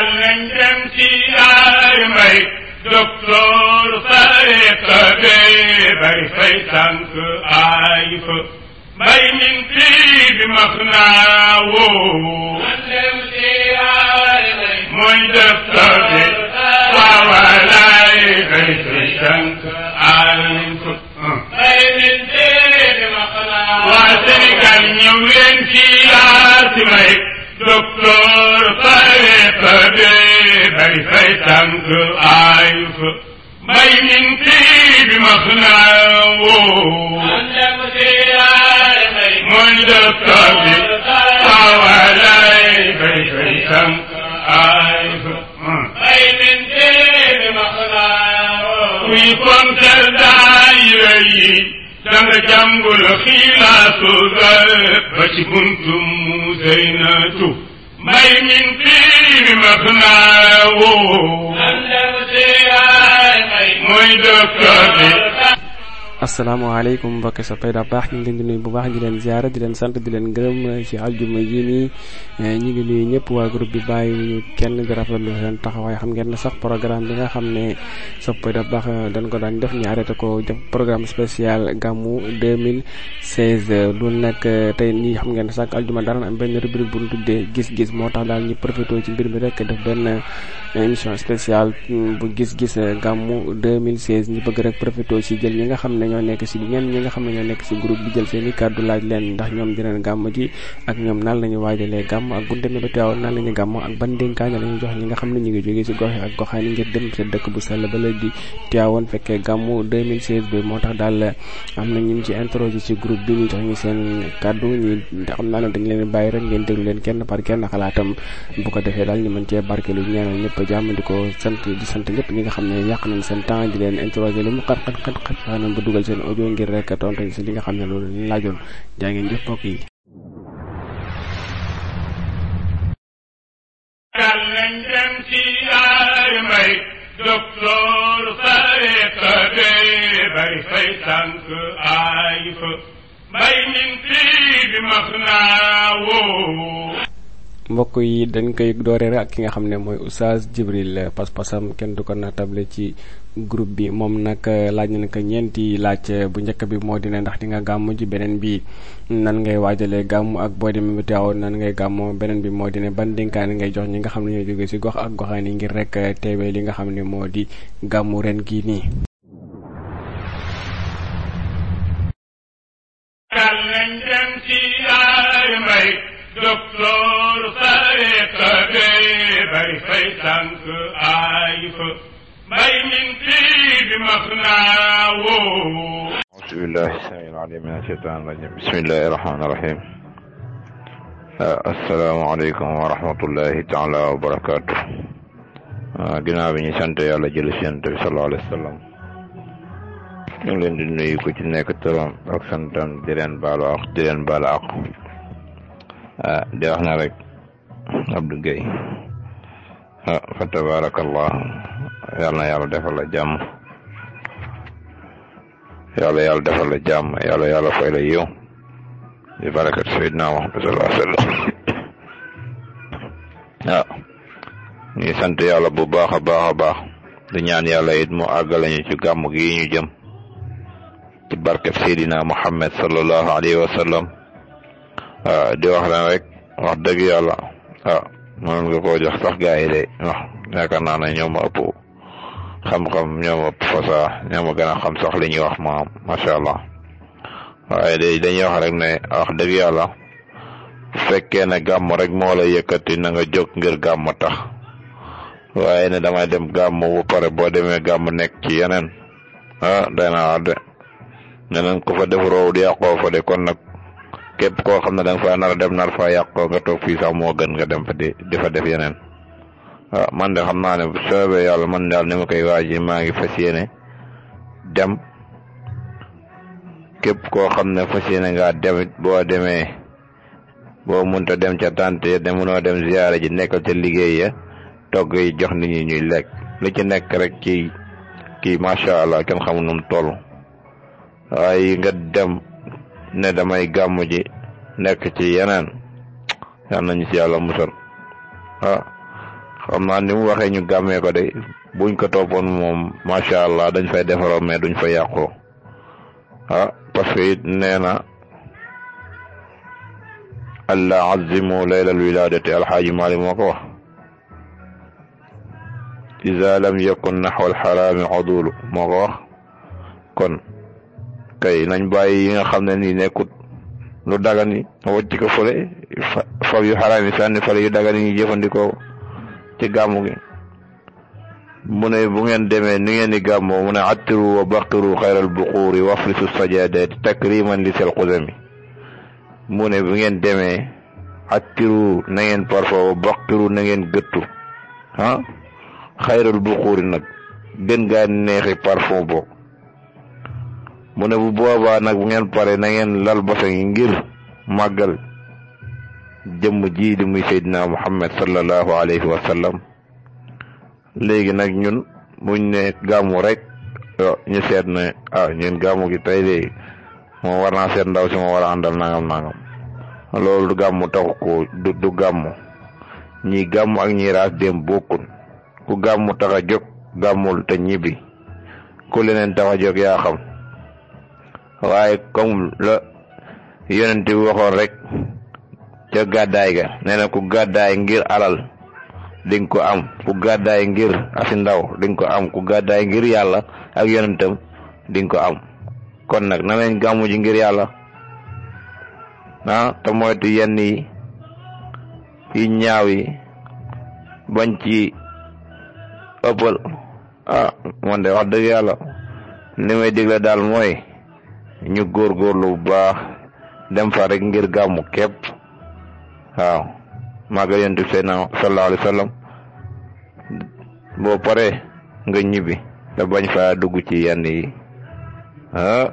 dal nañ dem ci yaay mbay docteur sareeta bee bay fay tànk ay fa mbay min tii bi max naa woo mooy def tabe waawalaay bay fay tànk ay fa waa Sénégal ñëw leen ci yaay si may docteur fare fade bari fay tànk aayu fa may min tii bi max naa woo mooy docteur bi awalay bari fay tànk aayu fa may min tii bi max naa woo kuy kontel daayira yi danga jàngul xilaasu garab ba ci buntu mu zeynatu may min fii mi max naa woo. mooy asalaamaaleykum mbokki soppay da baax ñu ngi leen di nuyu bu baax di leen ziara di leen sant di leen gërëm ci aljuma yi nii eh, ñu ngi nuyu ñëpp waa groupe bi bàyyi ñu kenn di rafetlu seen taxawaay xam ngeen ne sax programme bi nga xam ne soppay da baax eh, dañ ko daan def ñu arrêté ko def programme spécial gàmmu 2016 loolu nag tey nii xam ngeen ne sax aljuma dara am benn rubrique bu ñu tuddee gis-gis moo tax daal ñu profité ci mbir mi rek def benn eh, émission spéciale mm, bu gis-gis gàmmu 2016 ñu bëgg rek profité ci jël ñi nga xam ne ñoo nekk si ñenn ñi nga xam ne ñoo nekk si groupe bi jël seen i kàddu laaj leen ndax ñoom dinañ gàmm ji ak ñoom nan la ñu gàmm ak buñ demee ba Tiwaawan ngir dem seen dëkk bu sell ba la Tiwaawan fekkee gàmm moo tax daal am na ñun ci introduit ci groupe bi ñu jox ñu seen kàddu ñi xam naa ne dañ leen bàyyi rek ngeen déglu leen kenn par kenn xalaatam bu ko defee daal ñu mën cee barkelu ñaanal ñëpp jàmm di sant di sant ñëpp ñi nga dugal seen audio li nga xam ne loolu la laajoon jaa jëf mbokk yi. bay fay sànq ay fa mbay min bi max naa woo. mbokk yi dañ koy dooree ak ki nga xam ne mooy Oustaz Djibril eh, pas-pasam kenn du ko na naatable ci groupe bi moom nag eh, laaj na ko ñeenti laaj eh, bu njëkk bi moo di ne ndax di nga gàmmu ji beneen bi nan ngay waajale gàmmu ak boo demee ba teewoon nan ngay gàmmu beneen bi moo di ban dénkaane ngay jox ñi nga xam ne ñoo jóge ci gox ak goxaan yi ngir rek teewee li nga xam ne moo di gàmmu ren gii nii. docteur tariqa bi bari fay tànk ay fa may min tii bi max naa woo bismillahi samiil aliim min asheytaan rajim bismillahi rahmaani rahim asalaamaaleykum wa rahmatullahi taala wa barakaatu ah, ginnaaw bi ñu sant yàlla jël si yonent bi sallallahu alayhi wa sallam ñu ngi leen di nuyu ku ci nekk turam ak santam di leen baalu ak di leen baalu ak ah di wax na rek Abdou Gueye ah fa tabarakallah yàlla na yàlla defal la jàmm yàlla yàlla defal la jàmm yàlla yàlla fay la yiw di barakat sayyidina Muhammad sallallahu alayhi wa sallam waaw ah, ñuy sant yàlla bu baax a baax a baax di ñaan yàlla it mu àggale ñu ci gàmm gi ñu jëm ci barkat sayyidina Muhammad sallallahu alayhi wa sallam waaw di wax leen rek wax dëgg yàlla waaw mënoon nga koo jox sax gaa yi de wax yaakaar naa ne ñoom ëpp xam-xam ñoom ëpp fasaa ñoom a gën a xam sax li ñuy wax maam macha allah waaye de dañuy wax rek ne wax dëgg yàlla fekkee na gàmm rek moo la yëkkati na nga ngir gàmm tax waaye ne damay dem gàmm pare boo demee gàmm nekk ci yeneen ah day naa wax de ñeneen ko fa def roow di yàqoo kon nag képp koo xam ne da nga fa nar a dem nar fa yàqoo nga toog fii sax moo gën nga dem fa di di def yeneen waaw man de xam naa ne soobee yàlla man daal ni ma koy waaj maa ngi fas yéene dem képp koo xam ne fas yéene ngaa demit boo demee boo mënta dem ca tànt ya de mënoo dem ziyaara ji nekkal ca liggéey ya togg jox ni ñi ñuy lekk lu ci nekk rek ci kii macha allah kenn xamul nu mu nga dem ne damay gàmmu ji nekk ci yeneen yal nañu ci yàlla musal ah xam naa ni mu waxee ñu gàmmee ko de buñ ko toppoon moom macha allah dañ fay defaroo mais duñ fa yàqoo a ah, parce que it nee na allah azimu laylal wiladati alxaaji maali moo ko wax iza lam yakun naxwa alxaraami adulu moo ko wax kon kay nañ bàyyi yi nga xam ne nii nekkut lu dagan ni wocc ko fële fab yu xaraam yi sànni fële yu dagan yi ñu jëfandikoo ci gàmmu gi mu ne bu ngeen demee ni ngeen di gàmmoo mu ne attiru wa baqiru xayral buquuri wafrisu sajadaati takriman li sel xusami mu ne bu ngeen demee attiru na ngeen parfum wa baqiru na ngeen gëtu ah xayral buquuri nag gën ga neexi parfum boo mu ne bu boobaa nag bu ngeen pare na ngeen lal basang yi ngir màggal jëmm jii di muy seydina muhammad sallallahu alayhi wa léegi nag ñun buñ ne gàmmu rek ñu seet ne ah ñun gàmmu gi tey de moom war naa seet ndaw si ma war a nangam nangam loolu gàmmu taxu ko du du ñii gàmmu ak ñii raas dem bokkun ku gàmmu tax a jóg gàmmul te ñibbi ku leneen tax a jóg yaa xam waaye comme la yonent bi waxoon rek ca gàddaay ga nee na ku gàddaay ngir alal dinga ko am ku gàddaay ngir asi ndaw dinga ko am ku gàddaay ngir yàlla ak yonentam ding ko am kon nag na lañ gàmmu ngir yàlla ah te moytu yenn yi yi ñaaw yi bañ ci ëppal ah man de wax dëgg yàlla li may daal mooy ñu góorgóorlu bu baax dem fa rek ngir gàmmu képp waaw màggal leen bi seydna sallallahu alayhi wa sallam boo paree nga ñibbi te bañ fa dugg ci yenn yi ah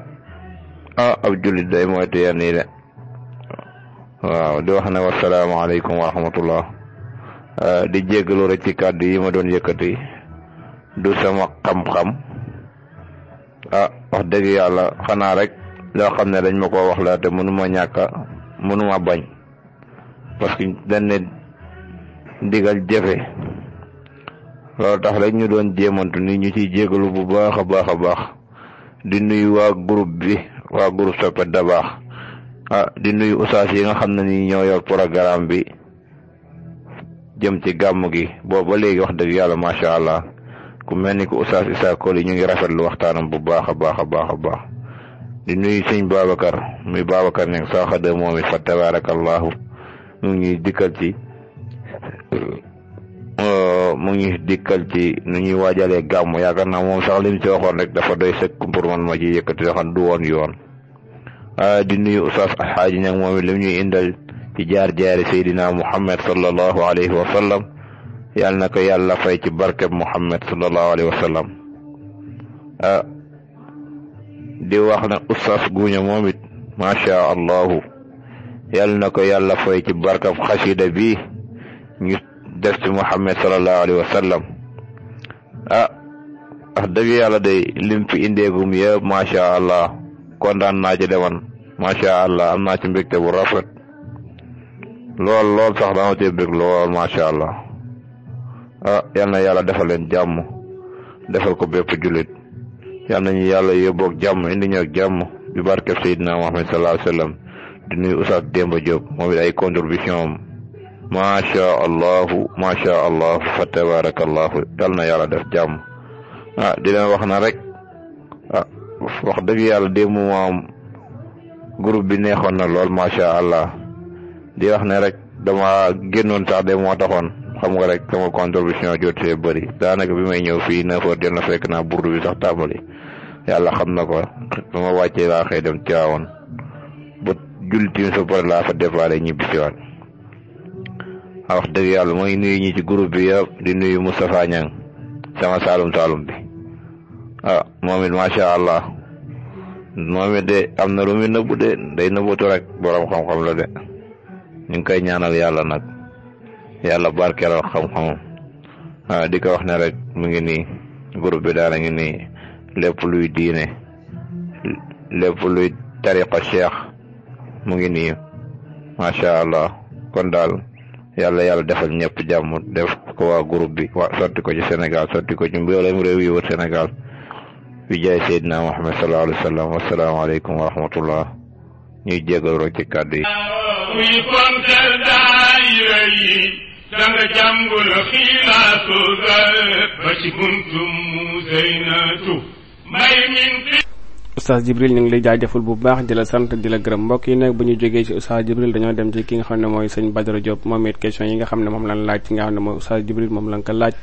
ah ab jullit day moytu yenn yi de waaw di wax ne wasalaamaaleykum wa rahmatullah ah, di jéggalu rek ci kàddu yi ma doon yëkkati du sama xam-xam ah wax dëgg yàlla xanaa rek loo xam ne dañ ma ko wax laa te mënuma ñàkk a mënuma bañ parce que dañ ne digal jafe loolu tax rek ñu doon jéemantu ni ñu ciy jégalu bu baax a baax a baax di nuyu waa groupe bi waa groupe soppe da baax ah di nuyu ustaas yi nga xam ne ni ñoo yor programme bi jëm ci gàmm gi booba léegi wax dëgg yàlla macha allah ku mel ni ko ustaas Issa Koli ñu ngi rafetlu waxtaanam bu baax a baax a baax a baax. di nuyu sëñ Babacar muy Babacar ñang soo xadee moom it fa tabaarakallaahu mu ngi dikkal ci euh, mu ngi dikkal ci nu ñuy waajalee gàmm yaakaar naa moom sax lim ci waxoon dafa doy sëkk pour man ma ci yëkkati yoo xam du yoon euh, di nuyu Oustaz Alxaaji ñang moom it lim ñuy indal ci jaar jaari Seydina Muhammad sallallahu alayhi wa sallam yàlla na ko yàlla fay ci barkeb Muhammad sallallahu alayhi wa sallam euh, di wax na oustaz guña moom it macha allahu yal na ko yàlla fay ci barkab xasida bi ñu def ci muhammad salallahu alayhi wa sallam ah wax dëgg yàlla day lim fi indeegum yëpp macha allah kontaan naa ci deman macha allah am naa ci bu rafet lool lool sax dama cee bég lool macha allah a ah, yal na yàlla defal leen jàmm defal ko bépp jullit yal nañu yàlla yóbboog jàmm indi ñoog jàmm bi barke Seydina Muhammad sallallahu alayhi wa sallam di nuyu ay contribution am macha allah macha allah fa tabarakallahu na yàlla def jàmm ah dina wax na rek ah, wax dëgg yàlla démb moom bi neexoon na lool macha allah di wax ne rek dama génnoon sax de moo taxoon xam nga rek sama contribution jot see bëri daanaka bi may ñëw fii neuf heures na fekk naa burdu bi sax tàmbali yàlla xam na ko ma wàccee laa xëy dem Tiwaawoon ba julli timis ba pare laa fa déparé ñibbi si waat ah, wax dëgg yàlla mooy nuyu ñi ci groupe bi yëpp di nuyu Moustapha Niang sama saalum saalum bi a ah, moom it macha allah moom de am na lu muy nëbbu de day nëbbatu rek borom xam-xam la de ñu ngi koy ñaanal yàlla nag yàlla barkeelal xam-xamam ah di ko wax na rek mu ngi nii groupe bi daal a ngi nii. lépp luy diine lépp luy tariqa cheikh mu ngi nii macha allah kon daal yàlla yàlla defal ñëpp jàmm def ko waa groupe bi waa sotti ko ci Sénégal sotti ko ci mboolem réew yi wër Sénégal bi jaay Seydina Muhammad sallallahu alayhi wa sallam wasalaamaaleykum wa rahmatullah ñuy jégalu rek ci kàddu yi. kuy kontel daayira yi danga jàngul xilaasu ba oustaz jibril ñu ngi lay jaajëfal bu baax di la sant di gërëm mbokk yi nag bu ñu jógee ci oustaz jibril dañoo dem ci ki nga xam ne mooy sëñ Badara Diop moom it question yi nga xam ne moom lan laaj ci nga xam ne mooy oustaz jibril moom lan ko laaj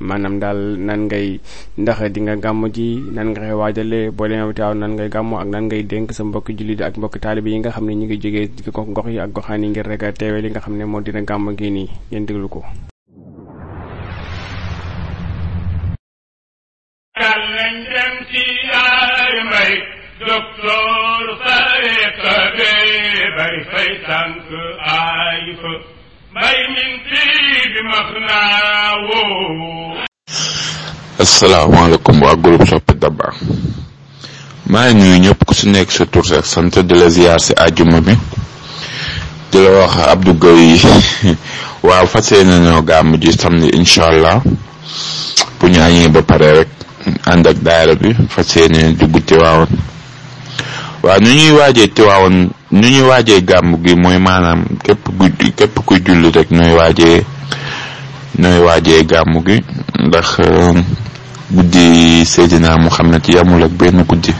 maanaam daal nan ngay ndax di nga gàmm ji nan nga koy waajalee boo demee taaw nan ngay gàmm ak nan ngay denk sa mbokki jullit ak mbokki taalibe yi nga xam ne ñu ngi jógee ci gox yi ak goxaan yi ngir rek a teewee li nga xam ne moo dina gàmm gi nii ngeen déglu ko kan nañ waa groupe soppi Dabakh maa ngi nuyu ñëpp ku ci nekk sa tur ak sant di la ziar si àjjuma bi di la wax Abdou Gueye waaw fas yéene nañoo gàmm ji samedi incha ba pare rek ànd ak daayira bi fa yéene dugg Tiwaawan waaw ñu ñuy waajee Tiwaawan ñu ñuy waaje gàmm gi mooy maanaam képp ku kuy julli rek ñooy waaje ñooy waaje gàmm gi ndax euh, guddi Seydina Muhammad yamul ak benn guddi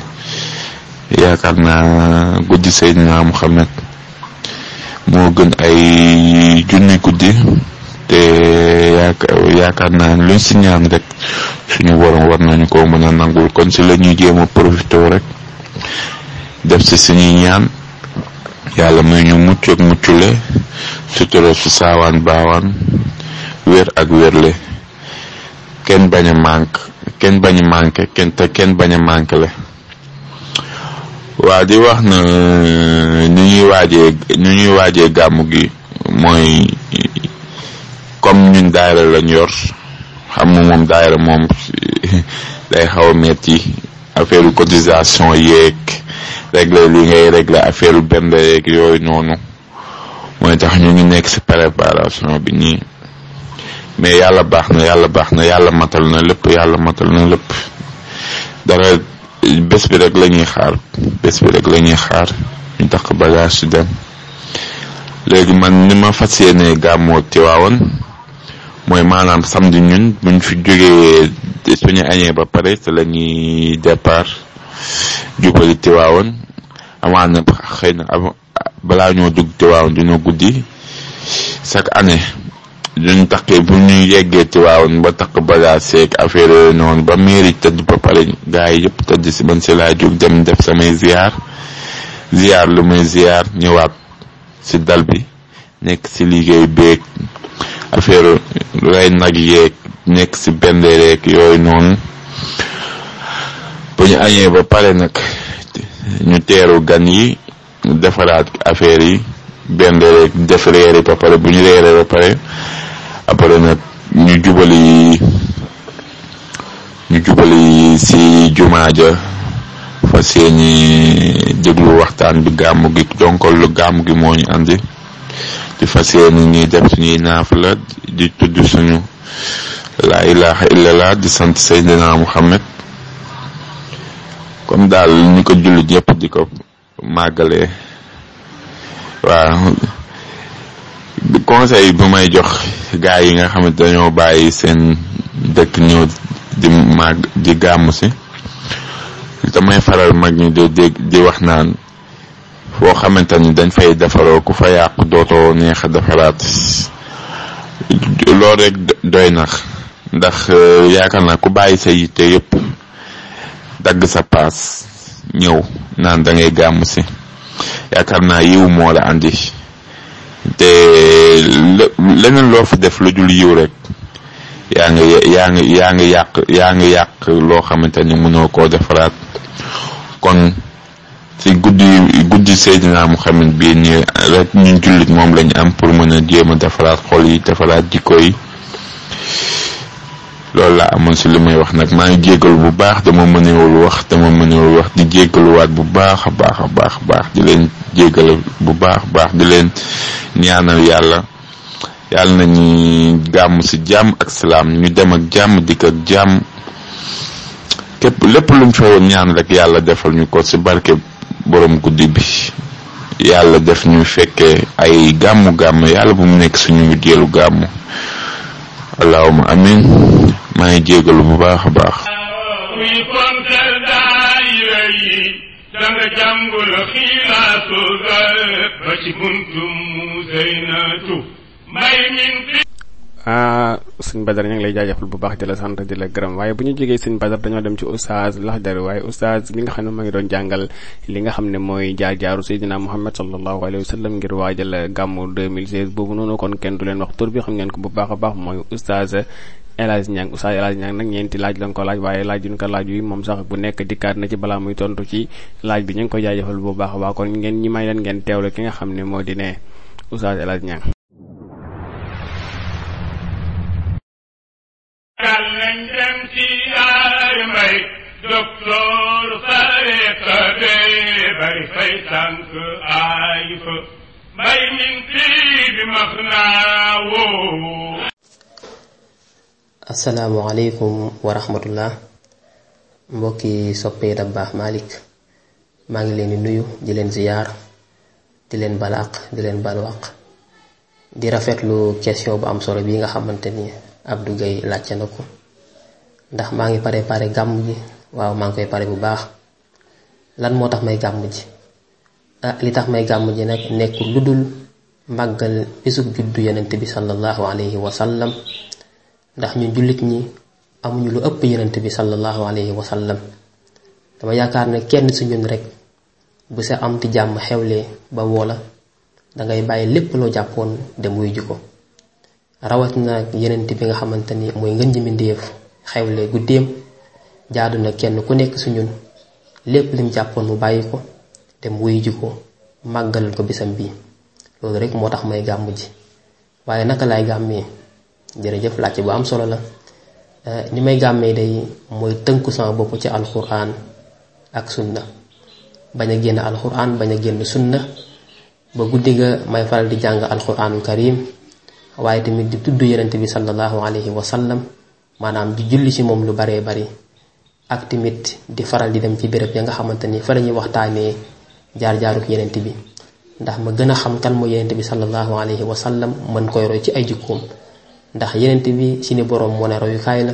yaakaar naa guddi Seydina Muhammad moo gën ay junni guddi te yaakaar naa luñ si ñaan rek suñu borom war nañu ko mën a nangul kon si la ñuy jéem a rek def si suñuy ñaan yàlla mooy ñu mucc ak muccule sutura su saawaan baawaan wér ak wérle kenn bañ a kenn bañ a manqué kenn te kenn bañ a manqué le waa di wax na ñu ñuy waaje ñu gàmmu gi mooy comme ñun daayira lañ yor xam nga moom daayira moom day xaw a metti affaire cotisation yéeg réglé li ngay régler affaire benn yeeg yooyu noonu mooy tax ñu ngi nekk ci préparation bi nii mais yàlla baax na yàlla baax na yàlla matal na lépp yàlla matal na lépp dara bés bi rek la ñuy xaar bés bi rek la ñuy xaar ñu tax bagage ci dem léegi man ni ma fas yéenee gàmmoo Tiwaawan mooy maanaam samedi ñun buñ fi jógee suñu añee ba pare te la ñuy départ jubali Tiwaawoon amaan balaa ñoo dugg Tiwaawoon dina guddi chaque année duñ taqee bu ñu yeggee Tiwaawoon ba taq balaa seeg affaire yooyu noonu ba mairie tëdd ba pare gars yi yëpp tëdd si man si laa jóg dem def samay ziar ziar lu muy ziar ñëwaat si dal bi nekk ci liggéey beeg affaire rey nag yeeg nekk ci benn bendereeg yooyu noonu ba ñu añee ba pare nag ñu teeru gan yi defaraat affaire yi bendereeg def reer ba pare bu ñu reeree ba pare apare nag ñu jubali ñu jubali ci jumaa ja fa seeni déglu waxtaan bi gàmmu gi donkol lu gàmmu gi moo ñu andi di fas yéene ñuy def suñuy la di tudd suñu laa ilaha illallah di sant Seydina Muhammad comme daal ni ko jullit yëpp di ko màggale waaw conseil bu may jox gaa yi nga xamante dañoo bàyyi seen dëkk ñëw di màgg di gàmm si damay faral mag ñi di di wax naan foo xamante ni dañ fay defaroo ku fa yàqu dootoo neex a defaraat loolu rek doy nax ndax euh, yaakaar na ku bàyyi sa te yëpp dagg sa paas ñëw naan da ngay gàmm si yaakaar naa yiw moo la andi te leneen loo fi def lu dul yiw rek yaa ngi yaa ngi yaa yàq loo xamante ni noo koo defaraat kon ci guddi guddi mu Muhammad bii nii rek ñun jullit moom lañ am pour mën a jéem a defaraat xol yi defaraat jikko yi loolu laa amoon si li may wax nag maa ngi jégalu bu baax dama mënewul wax dama mënewul wax di jéegaluwaat bu baax a baax a baax baax di leen jégal bu baax baax di leen ñaanal yàlla yàlla nañu gàmm si jàmm ak salaam ñu dem ak jàmm dikk ak jàmm képp lépp lu mu fa ñaan rek yàlla defal ñu ko ci barke. borom guddi bi yàlla def ñu fekkee ay gàmmu-gàmm yàlla bu mu nekk suñu mujjeelu gàmm allahuma amin maa ngi jégalu bu baax a baax danga jàngul xilaasu ba ci buntum mu zeynatu may min Ah, suñ Badar ñu ngi lay jaajëfal bu baax di la sant di la waaye bu ñu jógee suñ Badar dañoo dem ci oustaz Laxdari waaye oustaz mi nga xam ne ma ngi doon jàngal li nga xam ne mooy jaar-jaaru Seydina Muhammad sallallahu alayhi wa sallam ngir waajal gàmmu 2016 boobu noonu kon kenn du leen wax tur bi xam ngeen ko bu baax a baax mooy laaj lañ ko laaj waaye laaj ñu ko laaj yi moom sax bu nekk dikkaat na ci balaa muy tontu ci laaj bi ñu ngi ko jaajëfal bu baax a baax kon ngeen ñi may leen ngeen teewlu ki nga xam ne moo di ne oustaz El Hadj nañ dem ci yaay mbay docteur sareeta bee bay mbokki soppee Dabakh Malick maa ngi leen di nuyu di leen ziyaar di leen balaaq di leen balwaq di rafetlu question bu am solo bi nga xamante ni Abdou Guèye laajte na ko ndax maa ngi pare pare gàmm ji waaw maa ngi koy pare bu baax lan moo tax may gàmm ji ah, li tax may gàmm ji nag nekk lu dul màggal bisub juddu yonent bi sallallahu alayhi wa sallam ndax ñu jullit ñi amuñu lu ëpp yonent bi sallallahu alayhi wa sallam dama yaakaar ne kenn su ñun rek bu sa am ti jàmm xewlee ba woola dangay bàyyi lépp loo jàppoon dem wuy ji ko rawatina yonent bi nga xamante ni mooy ngën ji mbindéef xewle guddeem jaadu na kenn ku nekk su lépp lim jàppoon mu bàyyi ko dem wuyu ji ko màggalal ko bisam bii loolu rek moo tax may gàmm ji waaye naka laay gàmmee jërëjëf laajte bu am solo la eh, ni may gàmmee day mooy tënku sama bopp ci alxuraan ak sunna bañ a génn alxuraan bañ a génn sunna ba guddi ga may faral di jàng alxuraanul karim waaye tamit di tudd yonent bi sallallahu alayhi wa maanaam di julli ci moom lu baree bari ak tamit di faral di dem ci béréb ya nga xamante ni fa la ñuy waxtaanee jaar-jaaruk yenent bi ndax ma gën a xam kan mooy yenent bi sallallahu alayhi wa sallam mën koy roy ci ay jikkoom ndax yenent bi si ni boroom moo ne la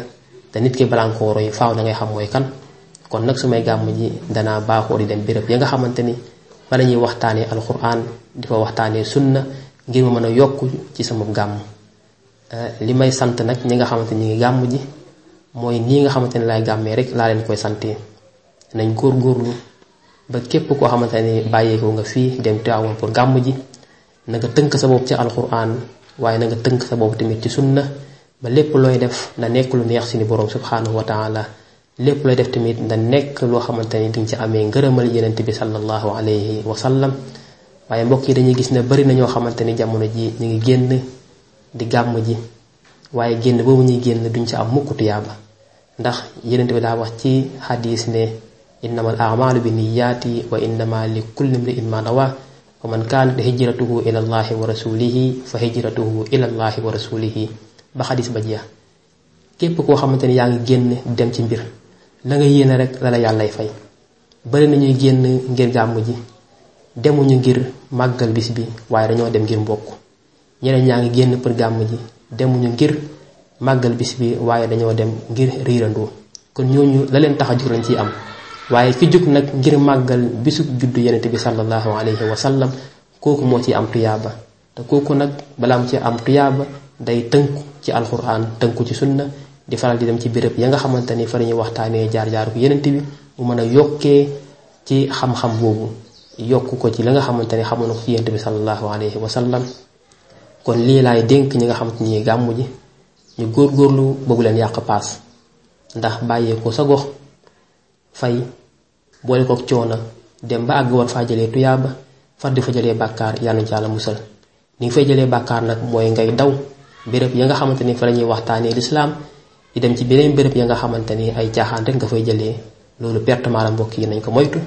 te nit ki balaa nga faaw da ngay xam mooy kan kon nag su may gàmm ji danaa baaxoo di dem béréb ya nga xamante ni fa la ñuy waxtaanee alquran di fa waxtaanee sunna ngir ma mën a yokk ci sama gàmm Eh, li may sant nag ñi nga xamante ñi ngi gàmm ji mooy nii nga xamante ne laay gàmmee rek laa leen koy santee nañ góor-góorlu ba képp koo xamante ne bàyyeekoo nga fii dem Tiwaawan pour gàmm ji na nga tënk sa bopp ci alxuraan waaye na nga tënk sa bopp tamit ci sunna ba lépp looy def na nekk lu neex si ni boroom subhaanahu wa taala lépp looy def tamit na nekk loo xamante ni dinga ci amee ngërëmal yenent bi sallallahu alayhi wa sallam waaye mbokk yi dañuy gis ne bari na ñoo xamante ni jamono ji ñu ngi génn di gàmm ji waaye génn boobu ñuy génn duñ ci am mukk tuyaaba ndax yenent bi daa wax ci xadiis ne innamal amalu bi niyaati wa innama li kulli mriin ma nawa wa man kaanat hijratuhu ila allahi wa rasulihi fa képp koo xamante ni yaa ngi dem ci mbir la nga rek la la yàllay fay bari nañuy génn ngir gàmm ji demuñu ngir màggal bis bi waaye dañoo dem ngir mbokk ñeneen ñaa ngi génn pour gàmm ji demuñu ngir màggal bis bi waaye dañoo dem ngir riirandoo kon ñooñu la leen tax a jug lañ ciy am waaye fi jug nag ngir màggal bisu juddu yenente bi sallallahu alayhi wa sallam kooku moo ci am tuyaaba te kooku nag balaa mu ci am tuyaaba day tënku ci alquran tënku ci sunna di faral di dem ci béréb ya nga xamante ni fa la ñuy waxtaanee jaar-jaar ko yeneent bi mu mën a yokkee ci xam-xam boobu yokk ko ci la nga xamante ni xamoon na ko ci bi sallallahu alayhi wa sallam kon lii laay dénk ñi nga xamante ni gàmmu ji ñu góorgóorlu bëggu leen yàq paas ndax bàyyeekoo sa gox fay boole kook coono dem ba àgg war faa jëlee tuyaaba far di fa jëlee bàkkaar yàlla ci yàlla musal ni fay jëlee bàkkaar nag mooy ngay daw béréb ya nga xamante ni fa la ñuy waxtaanee lislaam di dem ci beneen béréb ya nga xamante ni ay caaxaan rek nga fay jëlee loolu pertement la mbokk yi nañ ko moytu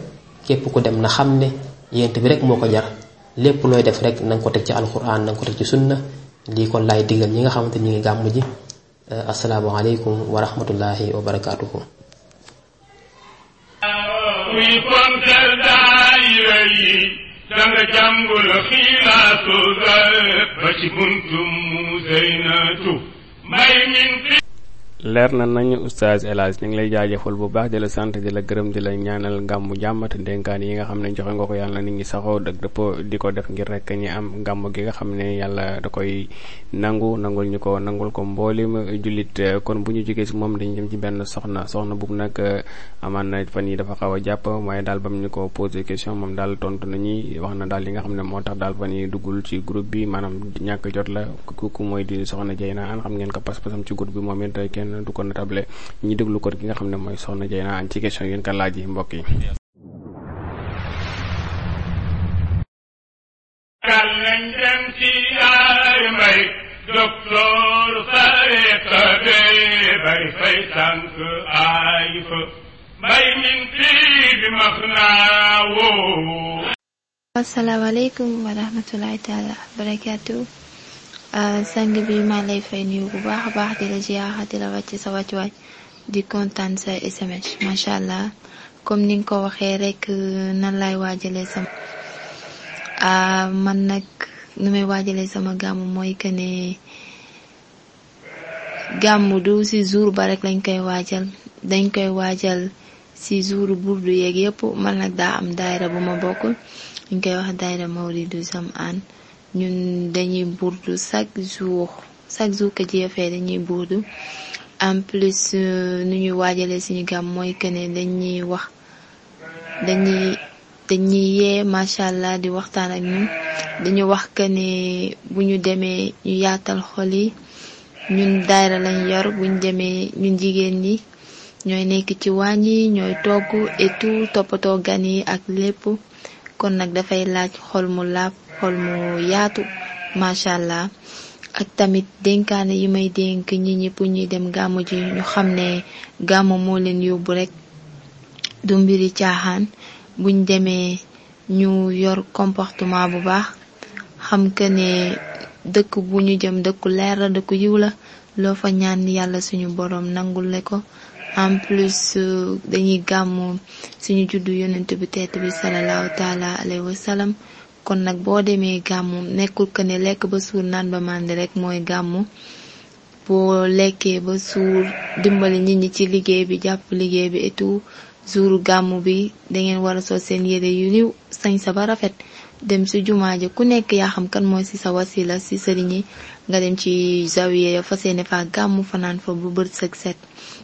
képp ko dem na xam ne yent bi rek moo ko jar lépp looy def rek na nga ko teg ci alquran na ko teg ci sunna lii kon laay digal ñi nga xamante ñi ngi gàmm ji euh, asalaamaaleykum wa rahmatullahi wa barakaatuhu kuy fontal daayira yi danga jàngul xilaasu ba ci buntum mu zeynatu may min leer na nañu oustaz El Hadj ñu ngi lay jaajëfal bu baax di la sant di la gërëm di ñaanal ngàmmu jàmm denkaan yi nga xam ne joxe nga ko yàlla nit ñi saxoo dëgg dëppoo di ko def ngir rek ñi am ngàmmu gi nga xam ne yàlla da koy nangu nangul ñu ko nangul ko mboolem jullit kon bu ñu jógee si moom dañu jëm ci benn soxna soxna boobu nag na fan yi dafa xaw a jàpp waaye daal ba mu ñu ko posé question moom daal tontu nañu wax na daal li nga xam ne moo tax daal fan yi duggul ci groupe bi maanaam ñàkk jot la kooku mooy di soxna Jeyna an xam ngeen ko pas-pasam ci groupe bi moom it kenn ne du ko natable ñu déglu kon ki nga xam ne mooy soxna Dieyna Agne ci question yéen ka yi mbokk yi kan nañ fay tànk ay fa mbay min bi max naa woo asalaamaaleykum wa rahmatulahi taala barakaatu Euh, sang bi maa lay fay nuyu bu baax a baax di la ziyaara di la wàcc sa wàccuwaay di kontaan sa SMS macha allah comme ni nga ko waxee rek euh, nan laay waajalee sama. Euh, man nag nu may waajalee sama gàmmu mooy que ne gàmmu du si jour ba rek lañ koy waajal dañ koy waajal si jour burdu yeeg yëpp man nag daa am daayira bu ma bokkul ñu koy wax du Mawridu Zam'aan ñun dañuy burdu chaque jour chaque jour que jeefee dañuy burdu en plus euh, nu ñuy waajale siñu gàmm mooy que ne dañuy wax dañuy dañuy yee macha allah di waxtaan ak ñun dañu wax que ne bu ñu demee ñu yaatal xol yi ñun daayra lañ yor bu ñu demee ñun jigéen ñi ñooy nekk ci waañ yi ñooy togg et toppatoo gan yi ak lépp kon nag dafay laaj xol mu làpp xol mu yaatu macha allah ak tamit dénkaane yi may dénk ñi pour ñuy dem gàmmu ji ñu xam ne gàmmu moo leen yóbbu rek du mbiri caaxaan buñ demee ñu yor comportement bu baax xam que ne dëkk bu ñu jëm dëkku leer la dëkku yiw la loo fa ñaan yàlla suñu boroom nangul le ko en plus dañuy gàmmu suñu juddu yonent bi teet bi sallallahu taala alayhi wa kon nag boo demee gàmmu nekkul que ne lekk ba suur naan ba màndi rek mooy gàmmu boo lekkee ba suur dimbali nit ñi ci liggéey bi jàpp liggéey bi et tout jouru gàmmu bi dangeen war a sol seen yére yu niw sañ sa rafet dem ci jumaa ja ku nekk yaa xam kan mooy ci sa wasila ci sëriñ nga dem ci zawiya fa fas yéene fa gàmmu fanaan fa bu bët sëg set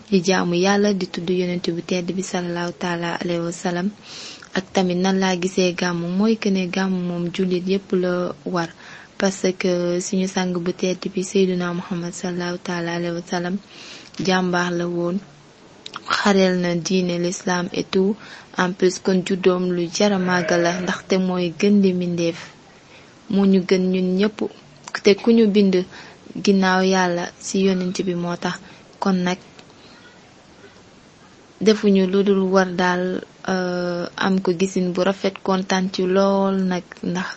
di jaamu yàlla di tudd yonent bu tedd bi sallallahu taala alayhi ak tamit nan laa gisee gàmm mooy que ne gàmm moom jullit yépp la war parce que suñu sang bu tedd bi Seydina Muhammad sallallahu taala alayhi wa jàmbaar la woon xareel na diine l'islam et en plus kon juddoom lu jara màgga la ndaxte mooy gën di mbindeef moo ñu gën ñun ñépp te ku ñu bind ginnaaw yàlla ci yonent bi moo tax kon nag defuñu lu dul war daal Euh, am ko gisin bu rafet kontaan ci lool nag ndax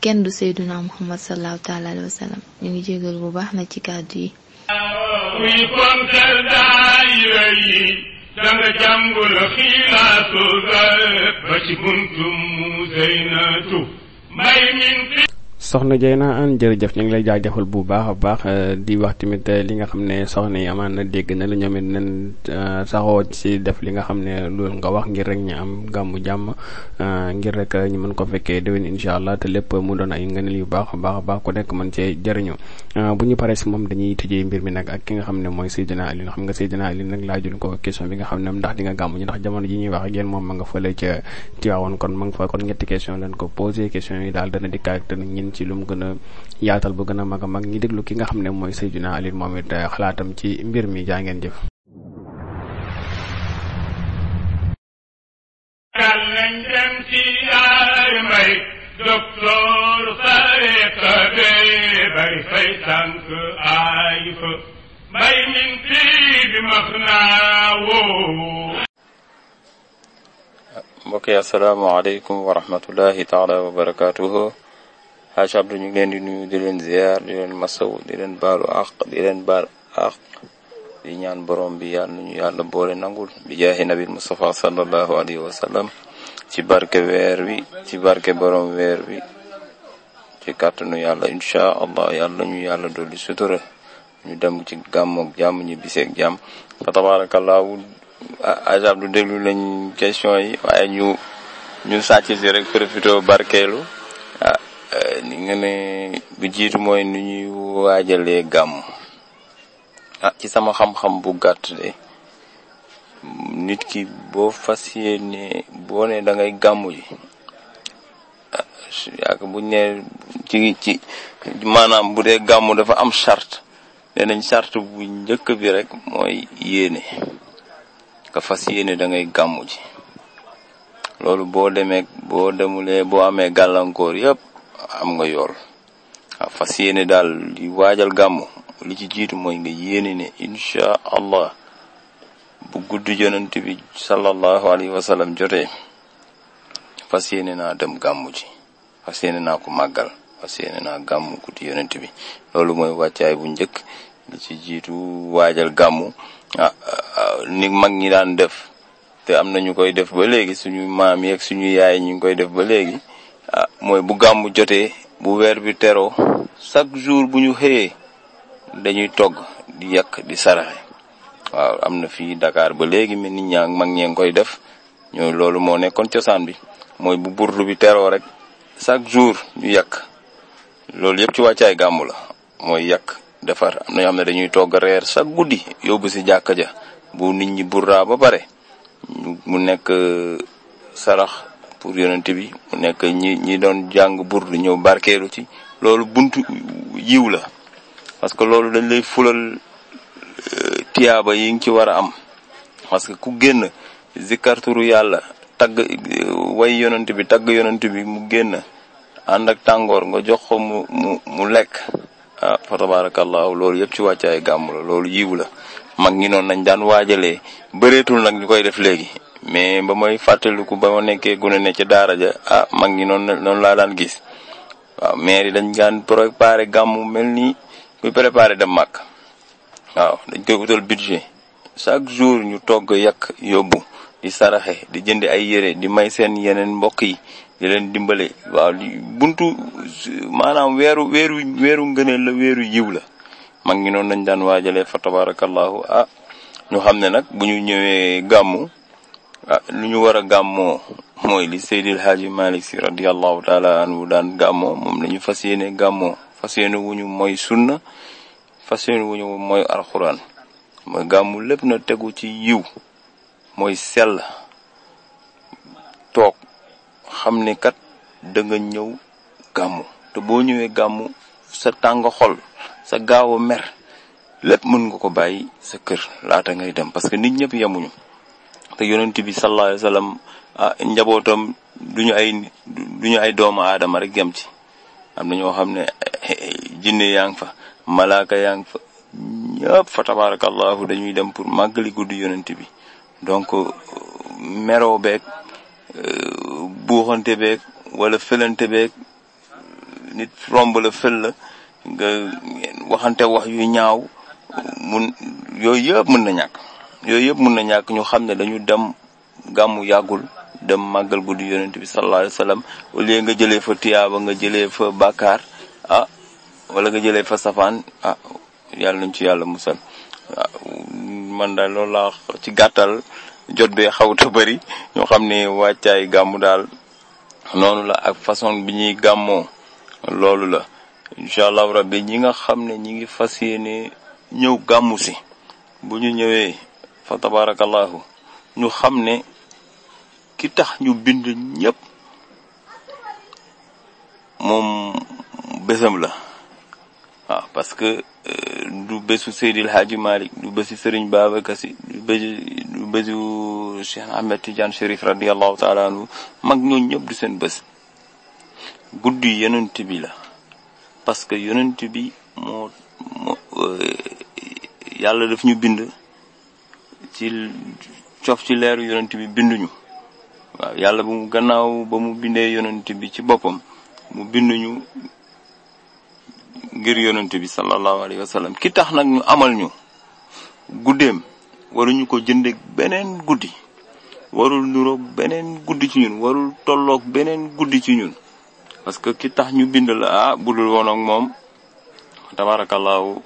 kenn du seyduna muhammad sallallahu taala alayhi wa ngi jégal bu baax na ci kàddu yi kuy fontal daayira yi danga jàngul xilaasu ba ci buntum mu zeynatu mbay min soxna Dieyna Anne jërëjëf ñu ngi lay jaajëfal bu baax a baax euh, di wax tamit euh, li nga xam ne soxna yi amaan na dégg na la ñoom it nañ euh, saxoo ci def li nga xam ne loolu nga wax ngir rek ñu am jàmm ngir rek ñu mën ko fekkee déwén incha allah te lépp mu doon ay ngëneel yu baax a a baax ku nekk mën cee jëriñu bu ñu paree nga xam ne mooy xam nga Seydina Aliou nag laajul ko question bi nga xam ne ndax di nga gàmmu ñu ndax jamono ji ñuy wax a yéen moom ma nga fële ca Tiwaawoon kon ma nga fa kon ñetti question lañ ko posé question yi daal dana dikkaat ñin ci lu mu gën a yaatal bu gën a mag mag ñi déglu ki nga xam ne mooy Seydina Alioune moom it eh, xalaatam ci mbir mi jaa jëf. bay fay bi max naa woo mbokk yi asalaamaaleykum wa rahmatullahi taala xaaj Abdou ñu ngi leen di nuyu di leen ziar di leen masaw di leen baalu àq di leen baal àq di ñaan borom bi yàlla nañu yàlla boole nangul bi jaahi nabil Mustafa sallallahu alayhi wa ci barke weer wi ci barke borom weer wi ci kàttanu yàlla incha allah yàlla ñu yàlla dolli sutura ñu dem ci gàmmoog jàmm ñu biseeg jàmm fa tabarakallahu xaaj Abdou déglu lañ question yi waaye ñu ñu si rek profité barkeelu ni nga ne bu jiit mooy nu ñuy waajalee gàmm ah ci sama xam-xam bu gàtt de nit ki boo fas yéene boo ne da ngay gàmmu ji ah, ne ci ci maanaam bu dee gàmm dafa am charte danañ charte bu njëkk bi rek mooy yéene nga fas yéene da ngay gàmmu ji loolu boo demee boo demulee boo amee gàllankoor yëpp am nga yool waaw ah, fas yéene daal di waajal gàmmu li ci jiitu mooy nga yéene ne incha allah bu gudd yonent bi sallallahu alayhi wa sallam jotee fas yéene naa dem gàmmu ji fas yéene naa ko màggal fas yéene naa gàmmu gudd yonent bi loolu mooy wàccaay bu njëkk li jiitu waajal gàmmu ah, ah ni mag ñi daan def te am na ñu koy def ba léegi suñu maam yeeg suñu yaay ñu ngi koy def ba léegi a mooy bu gàmmu jotee bu weer bi teroo chaque jour bu ñu xëyee dañuy togg di yàq di saraxe waaw am na fii dakaar ba léegi mais ni ñaa mag ñee ngi koy def ñooy loolu moo nekkoon cosaan bi mooy bu burdu bi teroo rek chaque jour ñu yàq loolu yëpp ci wàccaay gàmmu la mooy yàq defar am na ñoo xam ne dañuy togg reer chaque guddi yóbbu si jàkka ja bu nit ñi burraa ba pare mu nekk euh, sarax pour yonent bi nekk ñi ñi doon jàng burdu ñëw barkeelu ci loolu buntu yiw la parce que loolu dañ lay fulal euh, tiyaaba yi nga ci war a am parce que ku génn zikkarturu yàlla tagg euh, way yonent bi tagg yonent bi mu génn ànd ak tàngoor nga jox ko mu mu lekk ah fa tabarakallahu loolu yëpp ci wàccaay gàmm la loolu yiw la mag ñi noonu nañ daan waajalee bëreetul nag ñu koy def léegi mais ba may fàttaliku ba ma nekkee gune ne ca daara ja ah mag ñi noonu noonu laa daan gis waaw maire dañ daan préparé gàmmu mel nii kuy préparé dem màkk waaw dañ koy utal budget chaque jour ñu togg yàq yóbbu di saraxe di jënd ay yére di may seen yeneen mbokk yi di leen dimbale waaw buntu maanaam weeru weeru weeru ngëneel la weeru yiw la mag ñi noonu lañ daan waajalee fa tabarakallahu ah ñu xam ne nag bu ñu ñëwee gàmmu lu ah, ñu war a gàmmoo mooy li Seydil Hadji Malick si radiyallahu taala anhu daan gàmmoo moom la ñu fas yéene gàmmoo fas yéene wuñu mooy sunna fas yéene wuñu mooy alxuraan mooy gàmmu lépp na tegu ci yiw mooy sell toog xam ne kat da ñëw gàmmu te boo ñëwee gàmmu sa tàng xol sa gaaw a mer lépp mën nga ko bàyyi sa kër laata ngay dem parce que nit ñëpp yamuñu que yonent bi sallallahu alayhi wa ah, njabootam du ñu ay du ñu ay rek yem am na ñoo xam ne jinne yaa ngi fa malaaka yaa fa ñëpp fa tabarakallahu dañuy dem pour màggali guddi yonent bi donc meroo beeg buuxante beeg wala fëlante beeg nit romb la fël waxante wax yu ñaaw mun yooyu yëpp mën na ñàkk yooyu yëpp mun na ñàkk ñu xam ne dañu dem gàmmu yàggul dem màggal guddi yonent bi sallallahu alayhi wa nga jëlee fa tuyaaba nga jëlee fa bàkkaar ah wala nga jëlee fa safaan ah, yàlla nañ ci yàlla musal ah, man daal loolu laa ci gàttal jot bee xawta bari ñoo xam ne wàccaay gàmmu daal noonu la ak façon bi ñuy gàmmoo loolu la incha allahu rabbi ñi nga xam ne ñi ngi fas yéene ñëw gàmmu si bu ñu ñëwee fa tabaarakallaahu ñu xam ne ki tax ñu bind ñépp moom bésam la waaw parce que euh, du bésu Seydil Hadji Malick du bésu Serigne Babacar Sy du bésu du bésu Cheikh Ahmed Tidiane radiallahu taala mag ñooñu ñëpp du seen bés guddi yonent bi la parce que yonent bi moo euh, yàlla daf ñu bind ci coof ci leeru yonent bi binduñu waaw yàlla bu mu gannaaw ba mu bindee yonent bi ci boppam mu binduñu ngir yonent bi sallallahu alayhi wa ki tax nag ñu amal ñu guddeem waruñu ko jëndeeg beneen guddi warul nuroog beneen guddi ci ñun warul tollook beneen guddi ci ñun parce que ki tax ñu bind la ah budul woon moom tabarakallahu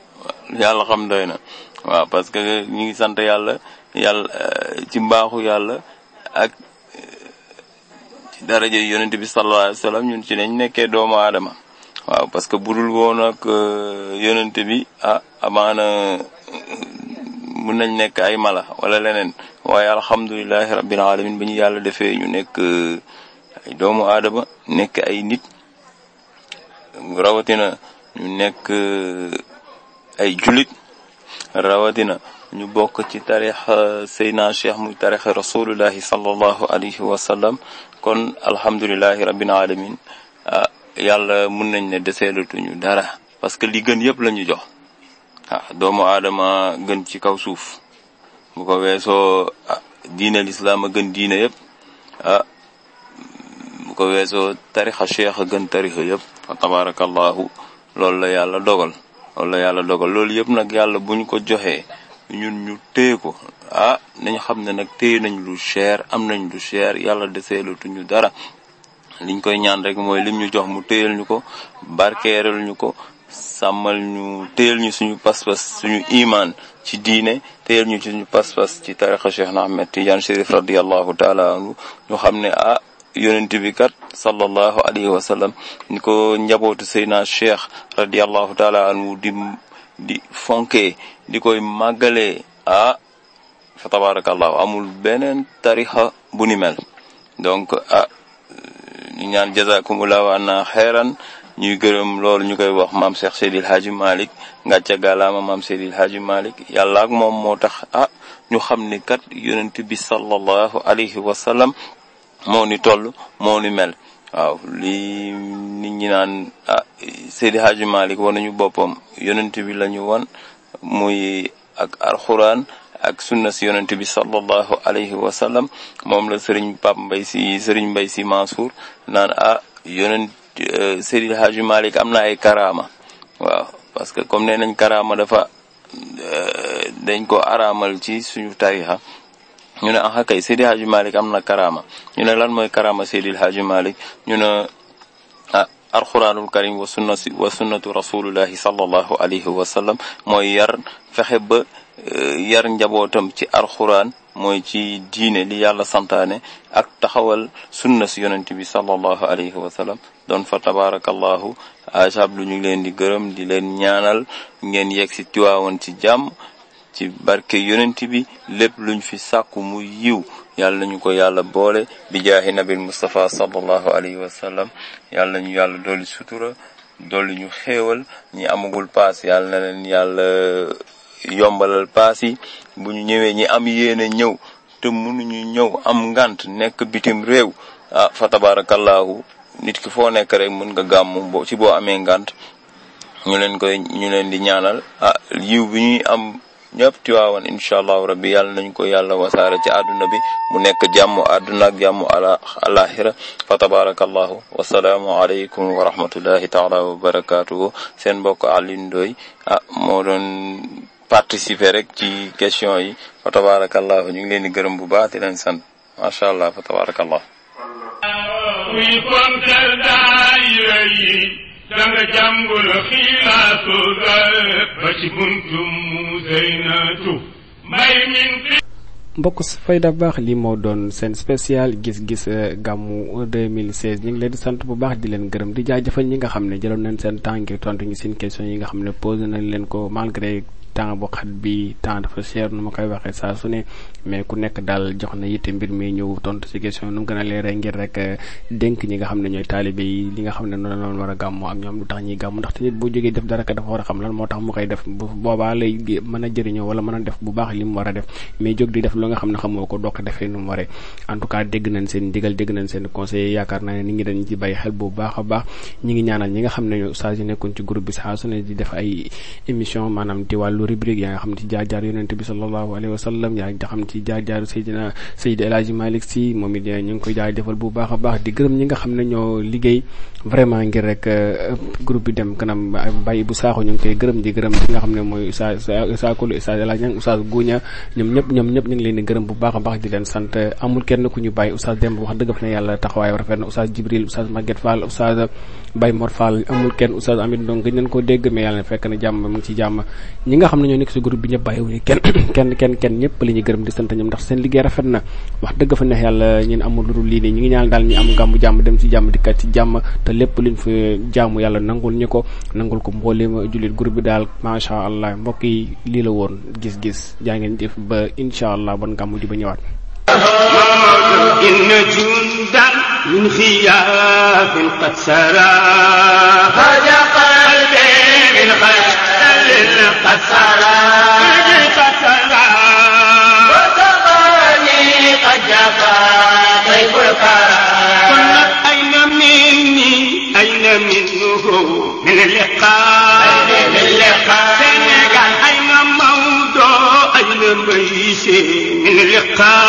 yàlla xam na waaw parce que ñu ngi sant yàlla yàlla eh, ci mbaaxu yàlla ak eh, ci daraja yonent bi sallallahu alayhi wa ñun ci lañ nekkee doomu aadama waaw parce que bu dul woon ak eh, yonent bi ah amaana mun nañ nekk ay mala wala leneen waaye alhamdulilahi rabbil alamin ba ñu yàlla defee ñu nekk ay doomu aadama nekk ay nit rawatina ñu nekk ay julit rawatina ñu bokk ci tarix euh, Seydina Cheikh muy tarixa rasulullahi sallallahu alayhi wa kon alhamdulilahi rabbil alamin ah yàlla mun nañ ne deseelatuñu dara parce que li gën yëpp la jox ah, doomu aadama gën ci kaw suuf bu ko weesoo ah, diine lislaam a gën diine yëpp ah bu ko weesoo tarixa cheikh a gën tarixa yëpp fa tabarakallahu loolu la yàlla dogal loolu la yàlla dogal loolu yëpp nag yàlla bu ñu ko joxee ñun ñu téye ko ah nañ xam ne nag téye nañ lu cher am nañ lu cher yàlla deseelatuñu dara liñ koy ñaan rek mooy lim ñu jox mu téyel ñu ko barkeeral ñu ko sàmmal ñu téyel ñu suñu pas-pas suñu imaan ci diine téyel ñu suñu pas-pas ci tarixa Cheikh na Ahmed Tidiane Chérif radiyallahu taala anhu ñu xam ne ah yonent bi kat sallallahu alayhi wa sallam ni ko njabootu Seydina Cheikh radiallahu taala anhu di di fonkee di koy màggalee ah fa tabarakallahu amul beneen tarixa bu ni mel donc ah ñu ñaan jazakumullahu anna xeeran ñuy gërëm loolu ñu koy wax maam Cheikh Seydil Hadji Malick ngàcca gàllaama maam Seydil Hadji Malick yàlla moom moo tax ah ñu xam ni kat yonent bi sallallahu alayhi wa moo ni toll moo ni mel waaw lii nit ñi naan ah Seydi malik Malick wanuñu boppam yonent bi lañu won muy ak alxuraan ak sunna si yonent bi sallallahu alayhi moom la sëriñ Pape mbay si sëriñ mbay si Mansour naan ah yonent euh, Seydi Hadji Malick am na ay karaama waaw parce que comme nee nañ karama dafa euh, dañ ko araamal ci suñu tarixa ñu ne ah kay Seydil Hadji am na karaama ñu ne lan mooy karaama Seydil Hadji Malick ñu ne ah alxuraanul karim wa sunna wa sunnatu rasulillahi sallallahu mooy yar fexe ba eh, yar njabootam ci alxuraan mooy ci diine li yàlla santaane ak taxawal sunna si yonent bi sallallahu alayhi wa sallam doon fa ajab lu ñu ngi leen di gërëm di leen ñaanal ngeen yegg ci Tiwaawan ci jàmm ci barke yonent bi lu ñu fi sàkku mu yiw yàlla ñu ko yàlla boole bi jaahi nabil Mustafa sallallahu alayhi wa sallam yàlla nañu yàlla dolli sutura dolli ñu xéewal ñi amagul paas yàlla na leen yàlla yombalal paas yi bu ñu ñëwee ñi am yéene ñëw te mun mënuñu ñëw am ngant nekk bitim réew ah fa tabarakallahu nit ki foo nekk rek mën nga gàmm bo ci boo amee ngant ñu leen koy ñu leen di ñaanal ah, yiw bi ñuy am ñëpp Tiwaawan incha allahu rabbi yàlla nañ ko yàlla wasaare ci àdduna bi mu nekk jàmm àdduna ak jàmm ala alaxira fa tabarakallahu wasalaamu aleykum wa rahmatullahi taala seen mbokk Alioune Ndoye ah moo doon participer rek ci question yi fa tabarakallahu ñu ngi leen di gërëm bu baax di leen sant macha allah fa danga jàngul xilaasu garab ba ci buntum mu zeynatu mbay min mbokk fayda baax li moo doon seen spécial gis-gis euh, gàmmu 2016 ñu ngi leen di sant bu baax di leen gërëm di jëfal ñi nga xam ne jëloon nañ seen temps ngir tontu ñu seen question yi nga xam ne posé nañ leen ko malgré temps bu xat bi temps dafa cher nu ma koy waxee saa su ne mais ku nekk daal jox na yitte mbir mi ñëw tontu ci question nu mu a ngir rek euh, dénk ñi nga xam ne ñooy taalibe yi li nga xam ne noonu la war a gàmmoo ak ñoom lu tax ñuy gàmm ndaxte nit bu jógee def dara ka dafa war a xam lan moo tax mu koy def boobaa lay mën a jëriñoo wala mën a def bu baax li mu def mais jóg di def lu nga xam ne xamoo ko dokk defee nu mu waree en tout cas dégg nañ seen digal dégg nañ seen conseil yaakaar naa ni ngi dañ ci jaar-jaaru Seydina Seydi El Hadji Malick Sy moom it ñu ngi koy jaajëfal bu baax a baax di gërëm ñi nga xam ne ñoo liggéey vraiment ngir rek euh, groupe bi dem kanam bàyyi bu saaxu ñu ngi koy gërëm di gërëm ki xam ne mooy Oustaz Saakulu Oustaz El Hadji Niang Oustaz Gouña ñoom ñëpp ñoom ñëpp ñu ngi leen di gërëm bu baax a baax di leen sant amul kenn ku ñu bàyyi Oustaz Demba wax dëgg fa ne yàlla taxawaay rafet na Oustaz Jibril Oustaz Maguette Fall Oustaz Baye Mor Fall amul kenn Oustaz Amit donc gëj nañ koo dégg mais yàlla na fekk na jàmm mu ngi ci jàmm ñi nga xam ne ñoo nekk ci groupe sant ñoom ndax seen liggéey rafet na wax dëgg fa neex yàlla ñeen amul lu dul lii nii ñu ngi ñaan daal ñu am gàmmu jàmm dem ci jàmm dikkaat ci jàmm te lépp luñ fa jaamu yàlla nangul ñu ko nangul ko mbooleem jullit groupe bi daal macha allah mbokk yi lii la woon gis-gis jaa jëf ba incha allah bon gàmmu di ba ñëwaat. إن قلنا أين مني أين منه من اللقاء من اللقاء سنغال أين موضوع أين ميسي من اللقاء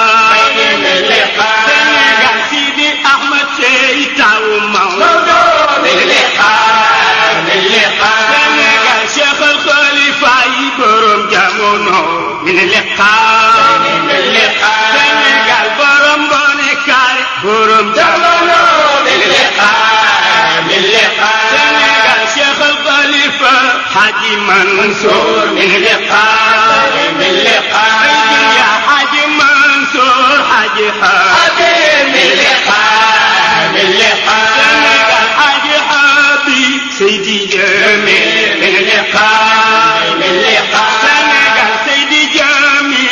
منصور من لقاء من لقاء يا حاج منصور حاج حبيب من لقاء من لقاء